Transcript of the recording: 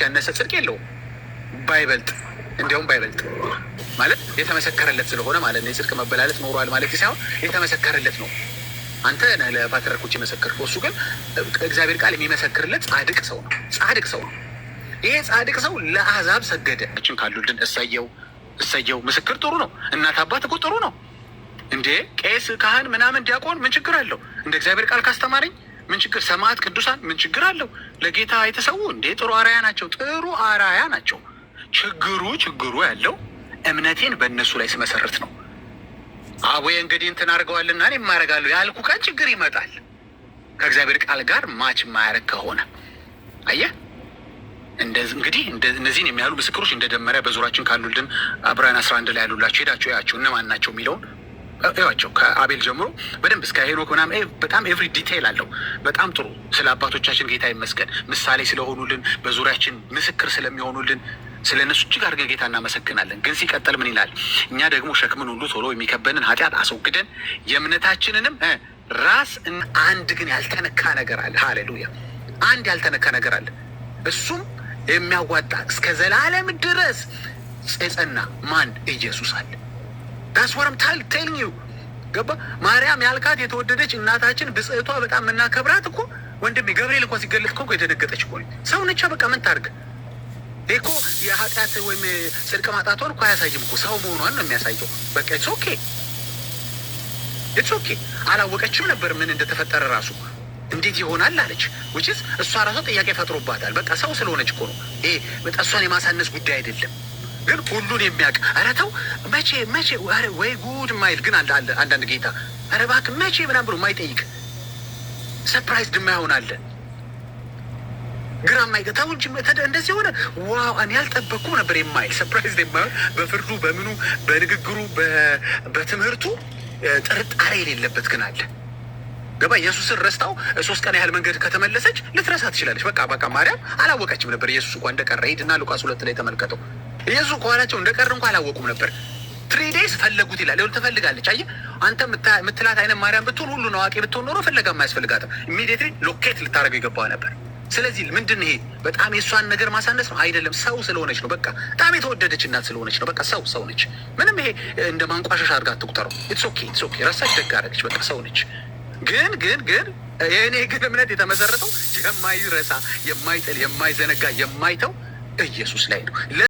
ያነሰ ጽድቅ የለውም ባይበልጥ እንዲያውም ባይበልጥ ማለት የተመሰከረለት ስለሆነ ማለት ነው። የጽድቅ መበላለት ኖሯል ማለት ሳይሆን የተመሰከረለት ነው። አንተ ለፓትሪያርኮች የመሰከር እሱ ግን እግዚአብሔር ቃል የሚመሰክርለት ጻድቅ ሰው ነው። ጻድቅ ሰው ነው። ይሄ ጻድቅ ሰው ለአሕዛብ ሰገደ። ችን ካሉልን እሰየው፣ እሰየው። ምስክር ጥሩ ነው። እናት አባት እኮ ጥሩ ነው እንዴ! ቄስ፣ ካህን፣ ምናምን ዲያቆን ምን ችግር አለው? እንደ እግዚአብሔር ቃል ካስተማረኝ ምን ችግር ሰማዕት ቅዱሳን ምን ችግር አለው? ለጌታ የተሰዉ እንዴ ጥሩ አራያ ናቸው፣ ጥሩ አራያ ናቸው። ችግሩ ችግሩ ያለው እምነቴን በእነሱ ላይ ስመሰርት ነው። አቦዬ እንግዲህ እንትን አድርገዋልና እኔ የማደርጋለሁ ያልኩ ቀን ችግር ይመጣል። ከእግዚአብሔር ቃል ጋር ማች የማያደርግ ከሆነ አየህ እንግዲህ እነዚህን የሚያሉ ምስክሮች እንደደመሪያ በዙሪያችን ካሉልን አብራን አስራ አንድ ላይ ያሉላቸው ሄዳቸው ያቸው እነማን ናቸው የሚለውን እዋቸው ከአቤል ጀምሮ በደንብ እስከ ሄኖክ ምናምን በጣም ኤቭሪ ዲቴይል አለው። በጣም ጥሩ ስለ አባቶቻችን ጌታ ይመስገን ምሳሌ ስለሆኑልን፣ በዙሪያችን ምስክር ስለሚሆኑልን ስለ እነሱ እጅግ አድርገን ጌታ እናመሰግናለን። ግን ሲቀጥል ምን ይላል? እኛ ደግሞ ሸክምን ሁሉ ቶሎ የሚከበንን ኃጢአት አስወግደን የእምነታችንንም ራስ አንድ ግን ያልተነካ ነገር አለ። ሃሌሉያ! አንድ ያልተነካ ነገር አለ። እሱም የሚያዋጣ እስከ ዘላለም ድረስ የጸና ማን? ኢየሱስ አለ። ዳስወርም ታል ቴልኝ ዩ ገባ ማርያም ያልካት የተወደደች እናታችን ብጽህቷ በጣም የምናከብራት እኮ ወንድሜ ገብርኤል እኮ ሲገለጥ እኮ የደነገጠች እኮ ሰው ነቻ። በቃ ምን ታርግ እኮ የኃጢአት ወይም ጽድቅ ማጣቷን እኮ አያሳይም እኮ ሰው መሆኗን ነው የሚያሳየው። በቃ ኢትስ ኦኬ ኢትስ ኦኬ። አላወቀችም ነበር ምን እንደተፈጠረ ራሱ እንዴት ይሆናል አለች። ውጭስ እሷ ራሷ ጥያቄ ፈጥሮባታል። በቃ ሰው ስለሆነች እኮ ነው ይሄ። እሷን የማሳነስ ጉዳይ አይደለም። ግን ሁሉን የሚያውቅ ኧረ ተው መቼ መቼ ኧረ ወይ ጉድ ማይል ግን አለ አንዳንድ ጌታ ኧረ እባክህ መቼ ምናምን ብሎ ማይጠይቅ ሰርፕራይዝ ድማ ይሆን አለ ግራ ማይገ ተው እንጂ እንደዚህ ሆነ ዋው እኔ ያልጠበቅኩ ነበር የማይል ሰርፕራይዝ ደማ በፍርዱ በምኑ በንግግሩ በትምህርቱ ጥርጣሬ የሌለበት ግን አለ ገባ ኢየሱስን ረስታው ሶስት ቀን ያህል መንገድ ከተመለሰች ልትረሳ ትችላለች። በቃ በቃ ማርያም አላወቀችም ነበር ኢየሱስ እንኳ እንደቀረ ሂድና ሉቃስ ሁለት ላይ ተመልከተው። ኢየሱስ ከኋላቸው እንደቀር እንኳ አላወቁም ነበር። ትሪ ዴይስ ፈለጉት ይላል። ይኸውልህ ትፈልጋለች። አየህ አንተ የምትላት አይነት ማርያም ብትሆን ሁሉ አዋቂ ብትሆን ኖሮ ፍለጋ የማያስፈልጋትም። ኢሚዲየትሊ ሎኬት ልታደርገው ይገባ ነበር። ስለዚህ ምንድን ይሄ በጣም የእሷን ነገር ማሳነስ ነው አይደለም። ሰው ስለሆነች ነው በቃ በጣም የተወደደች እናት ስለሆነች ነው በቃ ሰው ሰው ነች። ምንም ይሄ እንደ ማንቋሸሻ አድርጋ አትቁጠረው። ኢትስ ኦኬ ኢትስ ኦኬ ረሳች፣ ደግ አደረገች። በቃ ሰው ነች። ግን ግን ግን የእኔ ግን እምነት የተመሰረተው የማይረሳ የማይጥል የማይዘነጋ የማይተው ኢየሱስ ላይ ነው።